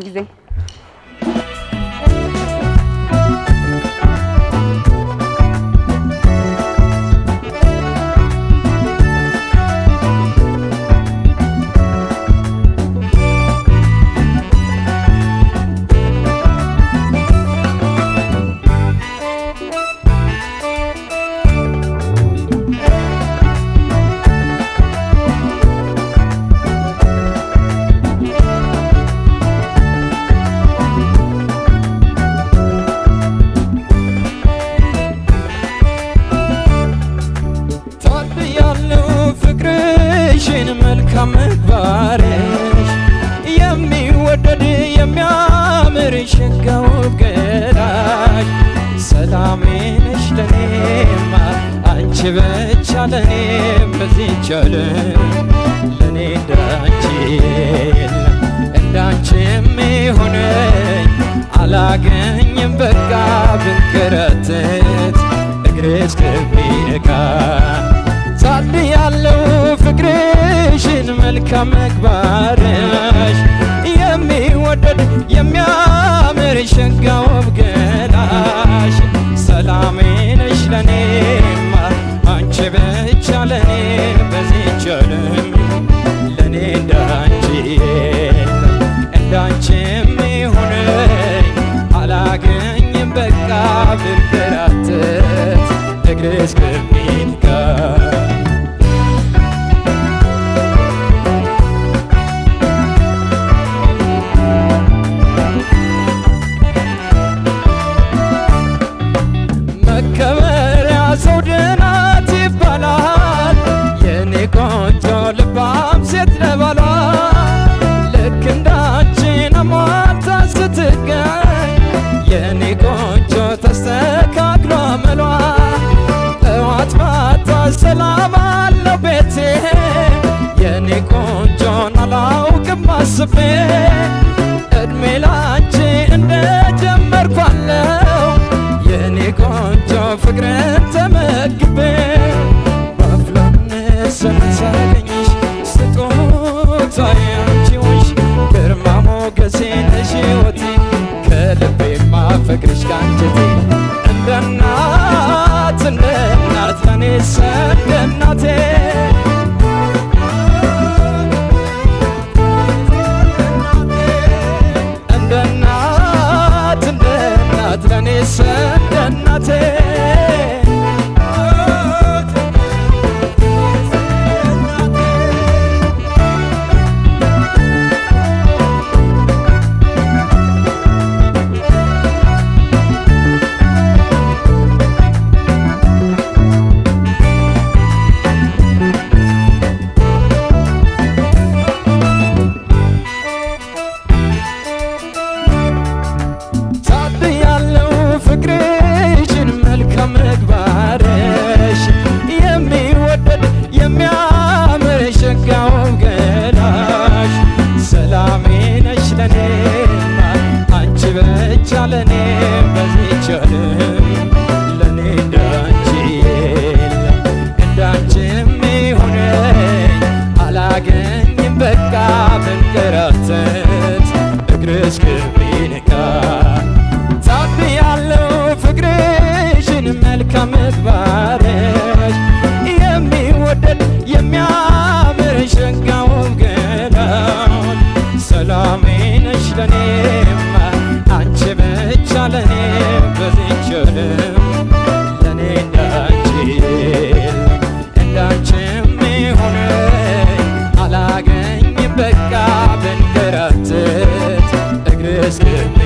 Güzel. ብቻ ለኔ በዚች ዓለም ለኔ እንዳንቺ የለም እንዳንቺም አላገኝም። በቃ ብንከረተት እግሬ እስከሚነካ ጸድ ያለው ፍቅርሽን መልካም መግባርሽ የሚወደድ የሚያምር ሸጋ ውብ ገላሽ ሰላሜ ነሽ ለኔ አንቺ ብቻ ለኔ በዚህ ፍቅርሽ እንደ እናት ለኔ እንደ እናቴ Yeah.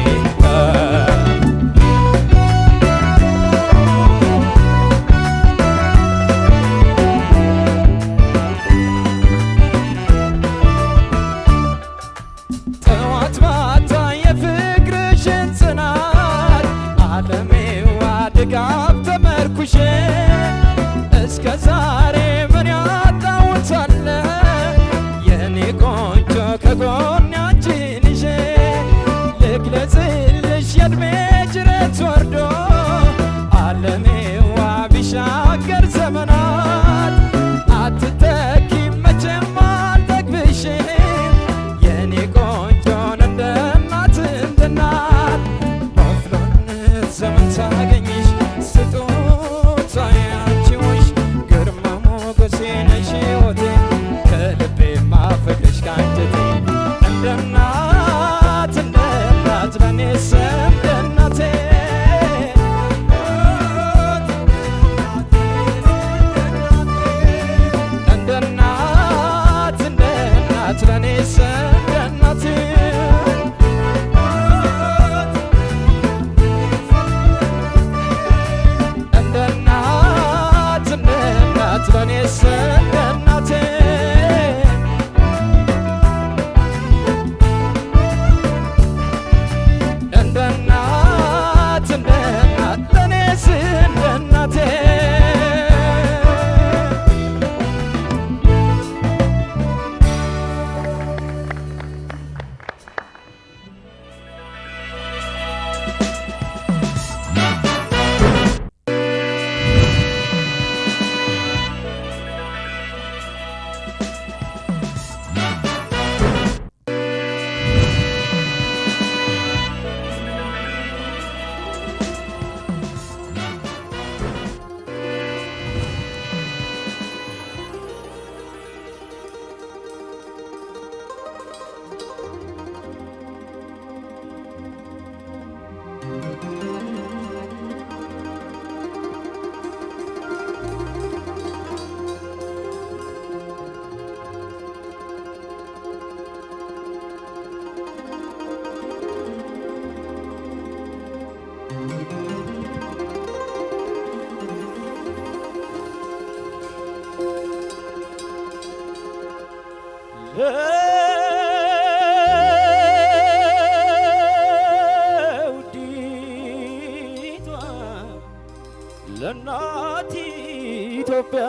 አባት ኢትዮጵያ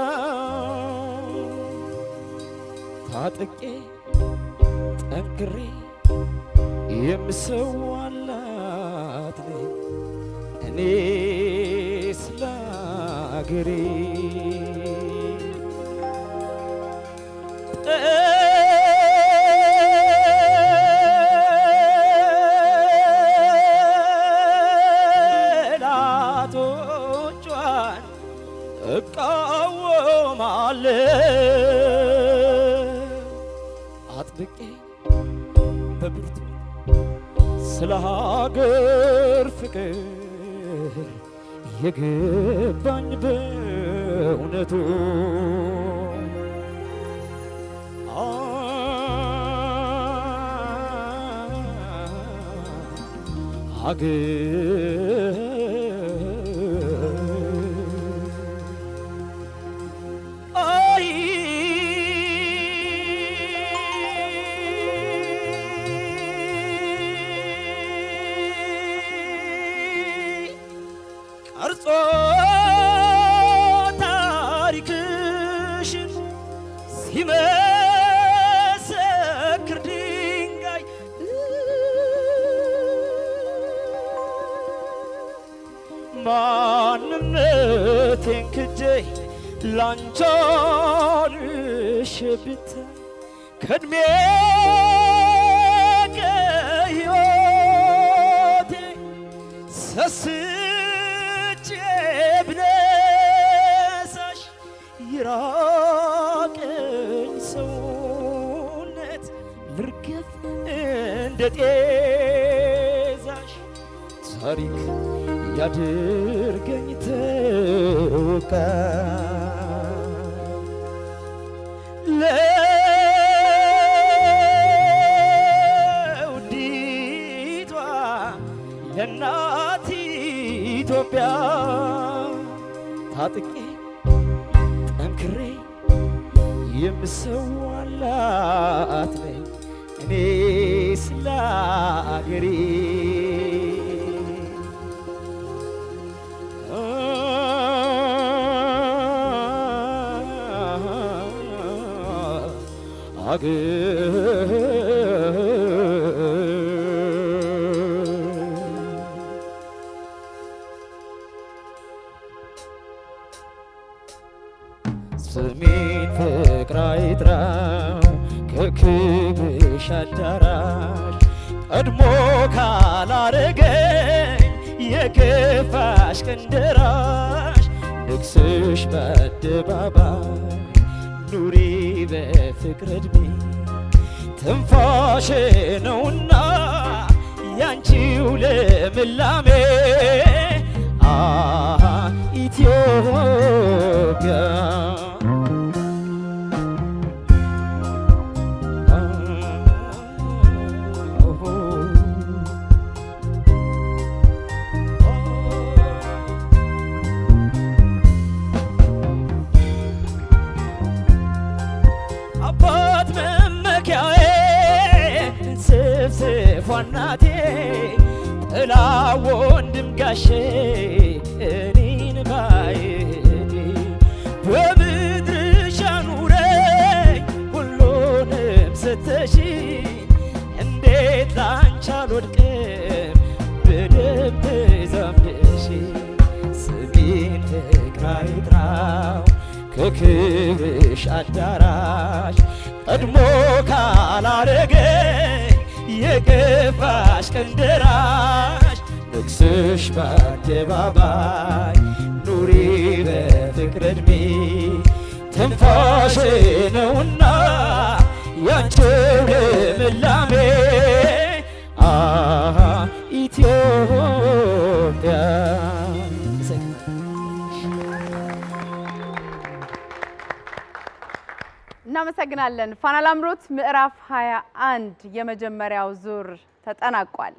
ታጥቄ ጠንክሬ የምሰዋላት እኔ ስለ አለ አጥብቄ በብርቱ ስለ ሀገር ፍቅር የገባኝ በእውነቱ ሀገር ማንነቴን ክጄ ላንቺ አልሼ ብታይ ከእድሜ ከሕይወቴ ሰስቼ ብነሳሽ ይራቀኝ ሰውነት ልርገፍ እንደ ጤ ያድርገኝ ትውቃ ለውዲቷ ለእናት ኢትዮጵያ ታጥቄ ጠንክሬ የምሰዋላት ነኝ እኔ ስለ ስሜን ፍቅር አይጥራው ከክብሽ አዳራሽ ቀድሞ ካላረገኝ የከፋሽ ቅንድራሽ ንግስሽ በአደባባይ ኑሪ በፍቅር እድሜ ትንፋሼ ነውና ያንቺው ልምላሜ ኢትዮጵያ ፏናቴ ጥላ ወንድም ጋሼ እኔን ባይሄድ በምድርሽ አኑረኝ ሁሉንም ስተሽ እንዴት ላንቺ አልወድቅም በደምብ ዘምድሽ ስሜን ፍቅር አይጥራው ከክብርሽ አዳራሽ ቀድሞ ካላረገ የገፋሽ ቀን ደራሽ ንግስሽ በአደባባይ ኑሪ በፍቅር ዕድሜ ትንፋሽ ነውና ያንቺው ልምላሜ ኢትዮጵያ እናመሰግናለን። ፋና ላምሮት ምዕራፍ 21 የመጀመሪያው ዙር ተጠናቋል።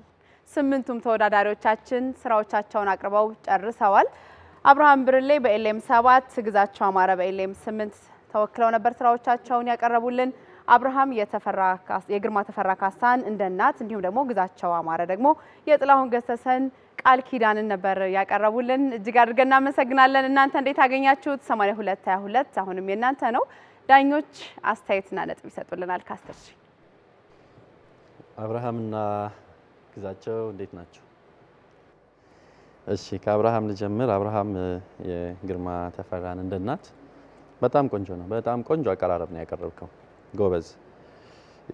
ስምንቱም ተወዳዳሪዎቻችን ስራዎቻቸውን አቅርበው ጨርሰዋል። አብርሃም ብርሌ በኤልኤም 7፣ ግዛቸው አማረ በኤልኤም 8 ተወክለው ነበር ስራዎቻቸውን ያቀረቡልን። አብርሃም የግርማ ተፈራ ካሳን እንደ እናት እንዲሁም ደግሞ ግዛቸው አማረ ደግሞ የጥላሁን ገሰሰን ቃል ኪዳንን ነበር ያቀረቡልን። እጅግ አድርገን እናመሰግናለን። እናንተ እንዴት አገኛችሁት? 8222 አሁንም የእናንተ ነው። ዳኞች አስተያየትና ነጥብ ይሰጡልናል። ከአስር አብርሃምና ግዛቸው እንዴት ናቸው? እሺ ከአብርሃም ልጀምር። አብርሃም የግርማ ተፈራን እንደ እናት በጣም ቆንጆ ነው። በጣም ቆንጆ አቀራረብ ነው ያቀረብከው፣ ጎበዝ።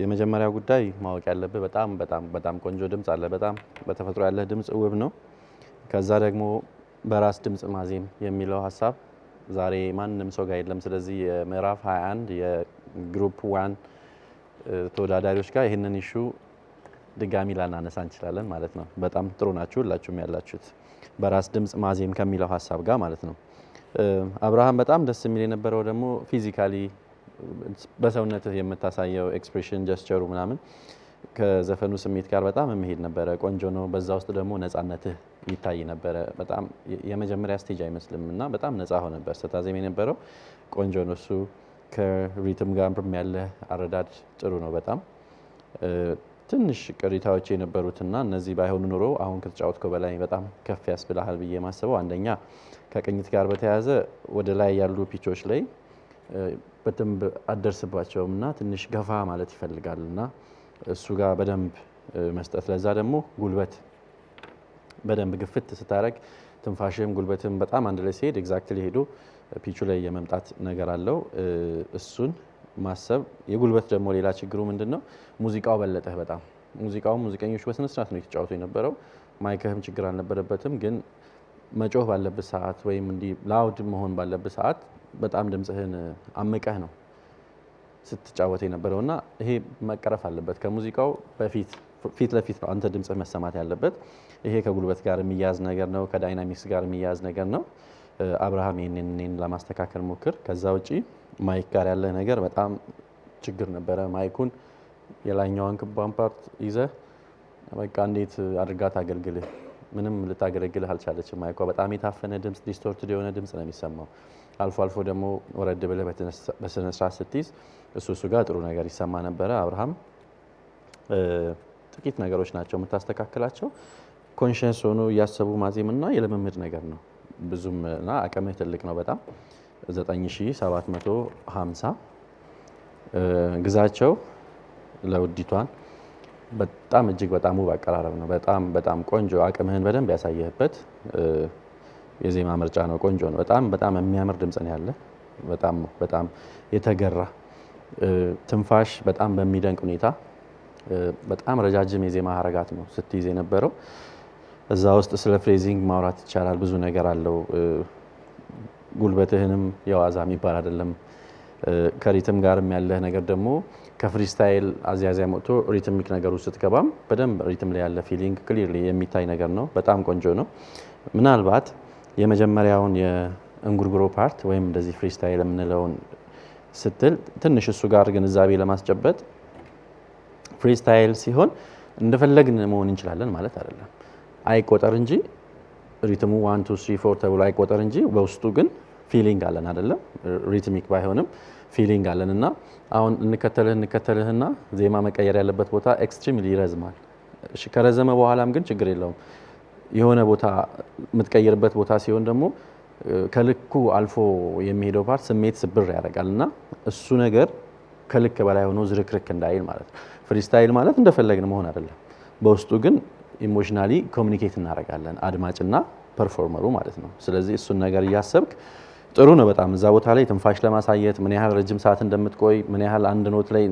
የመጀመሪያ ጉዳይ ማወቅ ያለብህ በጣም በጣም በጣም ቆንጆ ድምፅ አለ። በጣም በተፈጥሮ ያለህ ድምፅ ውብ ነው። ከዛ ደግሞ በራስ ድምፅ ማዜም የሚለው ሀሳብ ዛሬ ማንም ሰው ጋር የለም። ስለዚህ የምዕራፍ 21 የግሩፕ ዋን ተወዳዳሪዎች ጋር ይህንን ኢሹ ድጋሚ ላናነሳ እንችላለን ማለት ነው። በጣም ጥሩ ናችሁ ሁላችሁም ያላችሁት በራስ ድምፅ ማዜም ከሚለው ሀሳብ ጋር ማለት ነው። አብርሃም በጣም ደስ የሚል የነበረው ደግሞ ፊዚካሊ በሰውነት የምታሳየው ኤክስፕሬሽን ጀስቸሩ ምናምን ከዘፈኑ ስሜት ጋር በጣም የሚሄድ ነበረ። ቆንጆ ነው። በዛ ውስጥ ደግሞ ነጻነትህ ይታይ ነበረ። በጣም የመጀመሪያ ስቴጅ አይመስልም እና በጣም ነፃ ሆ ነበር ስታዜም የነበረው ቆንጆ ነው። እሱ ከሪትም ጋርም ያለ አረዳድ ጥሩ ነው በጣም ትንሽ የነበሩት የነበሩትና እነዚህ ባይሆኑ ኑሮ አሁን ከተጫወትከው በላይ በጣም ከፍ ያስብልሃል ብዬ ማስበው አንደኛ ከቅኝት ጋር በተያያዘ ወደ ላይ ያሉ ፒቾች ላይ በደንብ እና ትንሽ ገፋ ማለት ይፈልጋልና እሱ ጋር በደንብ መስጠት ለዛ ደግሞ ጉልበት በደንብ ግፍት ስታደረግ ትንፋሽም ጉልበትም በጣም አንድ ላይ ሲሄድ ኤግዛክትሊ ሄዶ ፒቹ ላይ የመምጣት ነገር አለው። እሱን ማሰብ የጉልበት ደግሞ ሌላ ችግሩ ምንድን ነው? ሙዚቃው በለጠህ በጣም ሙዚቃውም ሙዚቀኞች በስነስርዓት ነው የተጫወቱ የነበረው። ማይክህም ችግር አልነበረበትም። ግን መጮህ ባለበት ሰዓት ወይም እንዲህ ላውድ መሆን ባለበት ሰዓት በጣም ድምፅህን አምቀህ ነው ስትጫወት የነበረው እና ይሄ መቀረፍ አለበት። ከሙዚቃው በፊት ፊት ለፊት ነው አንተ ድምፅህ መሰማት ያለበት። ይሄ ከጉልበት ጋር የሚያዝ ነገር ነው፣ ከዳይናሚክስ ጋር የሚያዝ ነገር ነው። አብርሃም ይህንን ለማስተካከል ሞክር። ከዛ ውጪ ማይክ ጋር ያለ ነገር በጣም ችግር ነበረ። ማይኩን የላይኛዋን ክቧን ፓርት ይዘህ በቃ እንዴት አድርጋት አገልግልህ ምንም ልታገለግልህ አልቻለችም። ማይኳ በጣም የታፈነ ድምፅ፣ ዲስቶርትድ የሆነ ድምፅ ነው የሚሰማው። አልፎ አልፎ ደግሞ ወረድ ብለህ በስነስርዓት ስትይዝ እሱ እሱ ጋር ጥሩ ነገር ይሰማ ነበረ። አብርሃም ጥቂት ነገሮች ናቸው የምታስተካክላቸው። ኮንሽንስ ሆኖ እያሰቡ ማዜምና የልምምድ ነገር ነው ብዙም እና አቅምህ ትልቅ ነው በጣም 9750 ግዛቸው ለውዲቷን በጣም እጅግ በጣም ውብ አቀራረብ ነው። በጣም በጣም ቆንጆ አቅምህን በደንብ ያሳየህበት የዜማ ምርጫ ነው። ቆንጆ ነው። በጣም በጣም የሚያምር ድምፅ ነው ያለ። በጣም በጣም የተገራ ትንፋሽ በጣም በሚደንቅ ሁኔታ በጣም ረጃጅም የዜማ ሀረጋት ነው ስትይዝ የነበረው። እዛ ውስጥ ስለ ፍሬዚንግ ማውራት ይቻላል። ብዙ ነገር አለው። ጉልበትህንም የዋዛ የሚባል አይደለም። ከሪትም ጋርም ያለህ ነገር ደግሞ ከፍሪስታይል አዝያዝያ መጥቶ ሪትሚክ ነገር ውስጥ ስትገባም በደንብ ሪትም ላይ ያለ ፊሊንግ ክሊርሊ የሚታይ ነገር ነው። በጣም ቆንጆ ነው። ምናልባት የመጀመሪያውን የእንጉርጉሮ ፓርት ወይም እንደዚህ ፍሪስታይል የምንለውን ስትል ትንሽ እሱ ጋር ግንዛቤ ለማስጨበጥ ፍሪስታይል ሲሆን እንደፈለግን መሆን እንችላለን ማለት አይደለም። አይቆጠር እንጂ ሪትሙ ዋን ቱ ስሪ ፎር ተብሎ አይቆጠር እንጂ በውስጡ ግን ፊሊንግ አለን አይደለም። ሪትሚክ ባይሆንም ፊሊንግ አለን እና አሁን እንከተልህ እንከተልህና ዜማ መቀየር ያለበት ቦታ ኤክስትሪምሊ ይረዝማል። ከረዘመ በኋላም ግን ችግር የለውም። የሆነ ቦታ የምትቀይርበት ቦታ ሲሆን ደግሞ ከልኩ አልፎ የሚሄደው ፓርት ስሜት ስብር ያደርጋል እና እሱ ነገር ከልክ በላይ ሆኖ ዝርክርክ እንዳይል ማለት ነው። ፍሪስታይል ማለት እንደፈለግን መሆን አይደለም። በውስጡ ግን ኢሞሽናሊ ኮሚኒኬት እናደርጋለን አድማጭና ፐርፎርመሩ ማለት ነው። ስለዚህ እሱን ነገር እያሰብክ ጥሩ ነው በጣም እዛ ቦታ ላይ ትንፋሽ ለማሳየት ምን ያህል ረጅም ሰዓት እንደምትቆይ ምን ያህል አንድ ኖት ላይ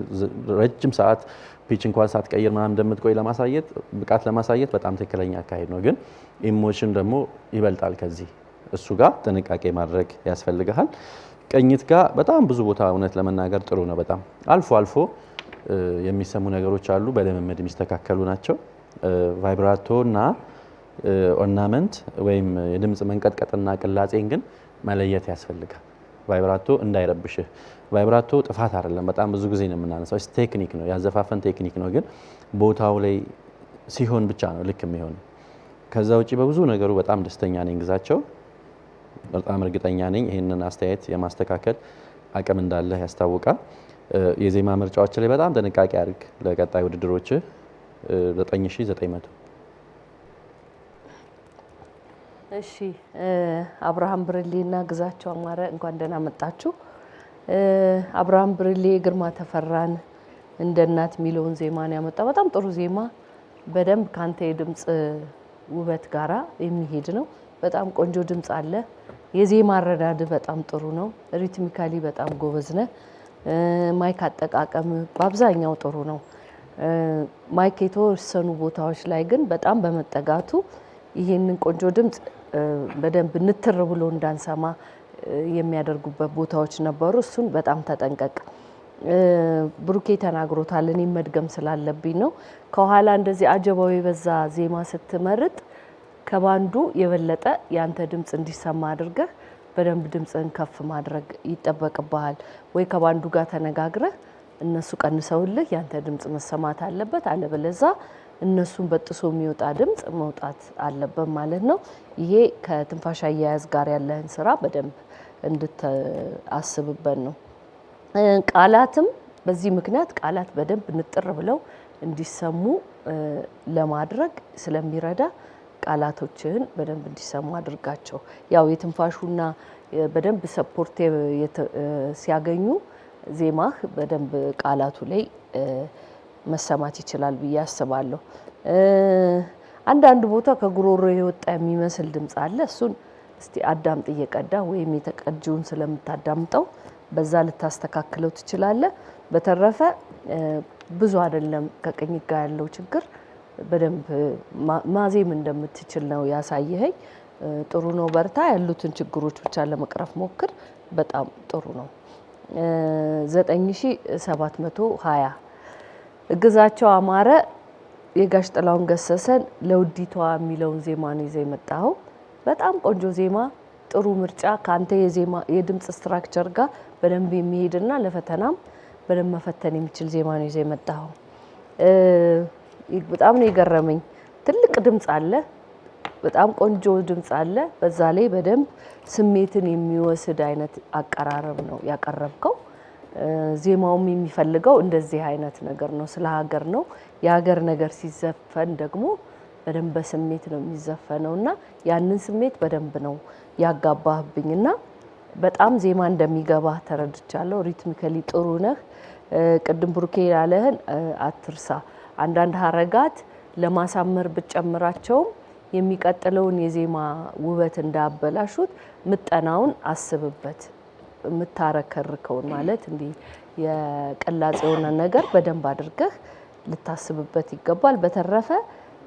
ረጅም ሰዓት ፒች እንኳን ሳትቀይር ምናምን እንደምትቆይ ለማሳየት ብቃት ለማሳየት በጣም ትክክለኛ አካሄድ ነው። ግን ኢሞሽን ደግሞ ይበልጣል ከዚህ እሱ ጋር ጥንቃቄ ማድረግ ያስፈልግሃል። ቅኝት ጋር በጣም ብዙ ቦታ እውነት ለመናገር ጥሩ ነው በጣም አልፎ አልፎ የሚሰሙ ነገሮች አሉ፣ በልምምድ የሚስተካከሉ ናቸው። ቫይብራቶና ኦርናመንት ወይም የድምፅ መንቀጥቀጥና ቅላጼን ግን መለየት ያስፈልጋል። ቫይብራቶ እንዳይረብሽህ። ቫይብራቶ ጥፋት አይደለም፣ በጣም ብዙ ጊዜ ነው የምናነሳው። ቴክኒክ ነው፣ ያዘፋፈን ቴክኒክ ነው። ግን ቦታው ላይ ሲሆን ብቻ ነው ልክ የሚሆን። ከዛ ውጭ በብዙ ነገሩ በጣም ደስተኛ ነኝ ግዛቸው። በጣም እርግጠኛ ነኝ ይህንን አስተያየት የማስተካከል አቅም እንዳለህ ያስታውቃል። የዜማ ምርጫዎች ላይ በጣም ጥንቃቄ አድርግ ለቀጣይ ውድድሮች። 9900 እሺ አብርሃም ብርሌ እና ግዛቸው አማረ እንኳን ደህና መጣችሁ። አብርሃም ብርሌ ግርማ ተፈራን እንደ እናት የሚለውን ዜማ ነው ያመጣው። በጣም ጥሩ ዜማ፣ በደንብ ካንተ የድምፅ ውበት ጋራ የሚሄድ ነው። በጣም ቆንጆ ድምፅ አለ። የዜማ አረዳድ በጣም ጥሩ ነው። ሪትሚካሊ በጣም ጎበዝ ነህ። ማይክ አጠቃቀም በአብዛኛው ጥሩ ነው። ማይክ የተወሰኑ ቦታዎች ላይ ግን በጣም በመጠጋቱ ይህንን ቆንጆ ድምፅ በደንብ ንትር ብሎ እንዳንሰማ የሚያደርጉበት ቦታዎች ነበሩ። እሱን በጣም ተጠንቀቅ። ብሩኬ ተናግሮታል። እኔ መድገም ስላለብኝ ነው። ከኋላ እንደዚህ አጀባዊ የበዛ ዜማ ስትመርጥ ከባንዱ የበለጠ ያንተ ድምፅ እንዲሰማ አድርገህ በደንብ ድምፅህን ከፍ ማድረግ ይጠበቅብሃል። ወይ ከባንዱ ጋር ተነጋግረህ እነሱ ቀንሰውልህ ያንተ ድምጽ መሰማት አለበት፣ አለበለዛ እነሱን በጥሶ የሚወጣ ድምፅ መውጣት አለበት ማለት ነው። ይሄ ከትንፋሽ አያያዝ ጋር ያለህን ስራ በደንብ እንድታስብበት ነው። ቃላትም በዚህ ምክንያት ቃላት በደንብ ንጥር ብለው እንዲሰሙ ለማድረግ ስለሚረዳ ቃላቶችህን በደንብ እንዲሰሙ አድርጋቸው። ያው የትንፋሹና በደንብ ሰፖርት ሲያገኙ ዜማህ በደንብ ቃላቱ ላይ መሰማት ይችላል ብዬ አስባለሁ። አንዳንድ ቦታ ከጉሮሮ የወጣ የሚመስል ድምፅ አለ። እሱን እስቲ አዳምጥ እየቀዳ ወይም የተቀጂውን ስለምታዳምጠው በዛ ልታስተካክለው ትችላለ። በተረፈ ብዙ አይደለም ከቅኝት ጋር ያለው ችግር በደንብ ማዜም እንደምትችል ነው ያሳየኸኝ። ጥሩ ነው፣ በርታ። ያሉትን ችግሮች ብቻ ለመቅረፍ ሞክር። በጣም ጥሩ ነው። 9720 እግዛቸው አማረ የጋሽ ጥላውን ገሰሰን ለውዲቷ የሚለውን ዜማ ነው ይዘ የመጣኸው። በጣም ቆንጆ ዜማ፣ ጥሩ ምርጫ ከአንተ የዜማ የድምፅ ስትራክቸር ጋር በደንብ የሚሄድና ለፈተናም በደንብ መፈተን የሚችል ዜማ ነው ይዘ የመጣው በጣም ነው የገረመኝ። ትልቅ ድምፅ አለ በጣም ቆንጆ ድምፅ አለ። በዛ ላይ በደንብ ስሜትን የሚወስድ አይነት አቀራረብ ነው ያቀረብከው። ዜማውም የሚፈልገው እንደዚህ አይነት ነገር ነው። ስለ ሀገር ነው። የሀገር ነገር ሲዘፈን ደግሞ በደንብ በስሜት ነው የሚዘፈነው እና ያንን ስሜት በደንብ ነው ያጋባህብኝ እና በጣም ዜማ እንደሚገባ ተረድቻለሁ። ሪትሚከሊ ጥሩ ነህ። ቅድም ብሩኬ ያለህን አትርሳ። አንዳንድ ሀረጋት ለማሳመር ብትጨምራቸውም የሚቀጥለውን የዜማ ውበት እንዳበላሹት ምጠናውን አስብበት። የምታረከርከውን ማለት እንዲህ የቅላጽ የሆነ ነገር በደንብ አድርገህ ልታስብበት ይገባል። በተረፈ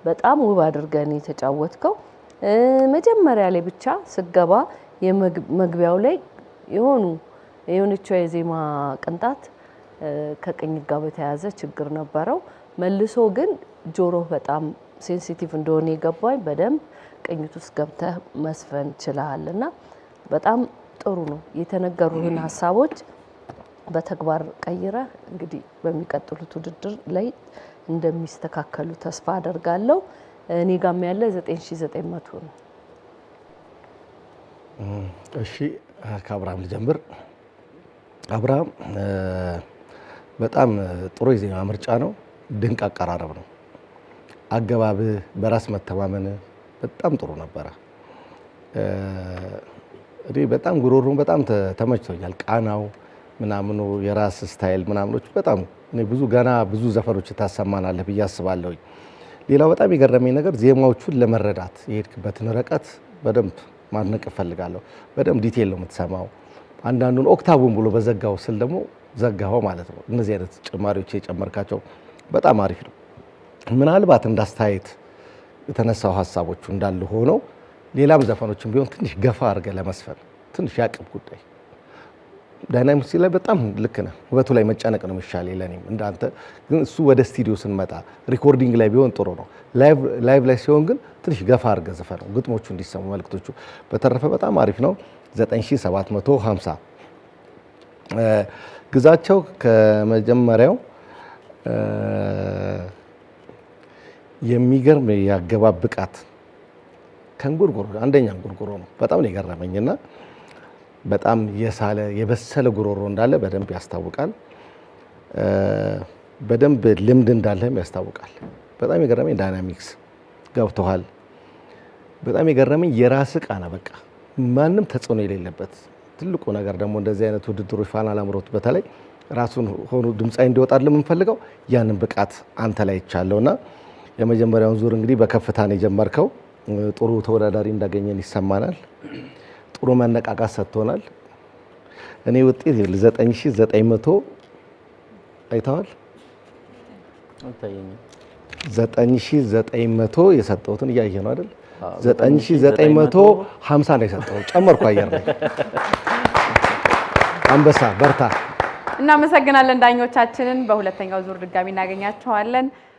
በጣም ውብ አድርገን የተጫወትከው። መጀመሪያ ላይ ብቻ ስገባ የመግቢያው ላይ የሆኑ የሆነቿ የዜማ ቅንጣት ከቅኝት ጋር በተያያዘ ችግር ነበረው። መልሶ ግን ጆሮህ በጣም ሴንሲቲቭ እንደሆነ የገባኝ በደንብ ቅኝት ውስጥ ገብተህ መስፈን ችለሃል እና በጣም ጥሩ ነው። የተነገሩህን ሀሳቦች በተግባር ቀይረ እንግዲህ በሚቀጥሉት ውድድር ላይ እንደሚስተካከሉ ተስፋ አደርጋለሁ። እኔ ጋም ያለ 9900 ነው። እሺ ከአብርሃም ልጀምር። አብርሃም በጣም ጥሩ የዜማ ምርጫ ነው። ድንቅ አቀራረብ ነው። አገባብህ በራስ መተማመን በጣም ጥሩ ነበረ። እኔ በጣም ጉሮሮ በጣም ተመችቶኛል። ቃናው ምናምኑ የራስ ስታይል ምናምኖች በጣም እኔ ብዙ ገና ብዙ ዘፈኖች ታሰማናለህ ብዬ አስባለሁኝ። ሌላው በጣም የገረመኝ ነገር ዜማዎቹን ለመረዳት የሄድክበትን ርቀት በደንብ ማድነቅ እፈልጋለሁ። በደንብ ዲቴል ነው የምትሰማው። አንዳንዱን ኦክታቡን ብሎ በዘጋው ስል ደግሞ ዘጋኸው ማለት ነው። እነዚህ አይነት ጭማሪዎች የጨመርካቸው በጣም አሪፍ ነው። ምናልባት እንዳስተያየት የተነሳው ሀሳቦቹ እንዳሉ ሆነው ሌላም ዘፈኖችን ቢሆን ትንሽ ገፋ አድርገህ ለመስፈን ትንሽ የአቅም ጉዳይ ዳይናሚክስ ላይ በጣም ልክ ነህ። ውበቱ ላይ መጨነቅ ነው የሚሻል የለኔም እንዳንተ። ግን እሱ ወደ ስቱዲዮ ስንመጣ ሪኮርዲንግ ላይ ቢሆን ጥሩ ነው። ላይቭ ላይ ሲሆን ግን ትንሽ ገፋ አድርገህ ዘፈነው ግጥሞቹ እንዲሰሙ መልክቶቹ። በተረፈ በጣም አሪፍ ነው። 9750 ግዛቸው ከመጀመሪያው የሚገርም የአገባብ ብቃት ከንጉርጉሮ አንደኛ እንጉርጉሮ ነው። በጣም ነው የገረመኝ በጣም የሳለ የበሰለ ጉሮሮ እንዳለ በደንብ ያስታውቃል። በደንብ ልምድ እንዳለም ያስታውቃል። በጣም የገረመኝ ዳይናሚክስ ገብተዋል። በጣም የገረመኝ የራስ ቃና በቃ ማንም ተጽዕኖ የሌለበት ትልቁ ነገር ደግሞ እንደዚህ አይነት ውድድሩ ፋና ላምሮት በተለይ ራሱን ሆኖ ድምፃዊ እንዲወጣ የምንፈልገው ያንን ብቃት አንተ ላይ የመጀመሪያውን ዙር እንግዲህ በከፍታ ነው የጀመርከው። ጥሩ ተወዳዳሪ እንዳገኘን ይሰማናል። ጥሩ መነቃቃት ሰጥቶናል። እኔ ውጤት ይል 9900 አይተዋል። 9900 የሰጠሁትን እያየ ነው አይደል? 9950 ነው የሰጠው። ጨመርኩ አየር ላይ አንበሳ በርታ። እናመሰግናለን ዳኞቻችንን። በሁለተኛው ዙር ድጋሚ እናገኛቸዋለን።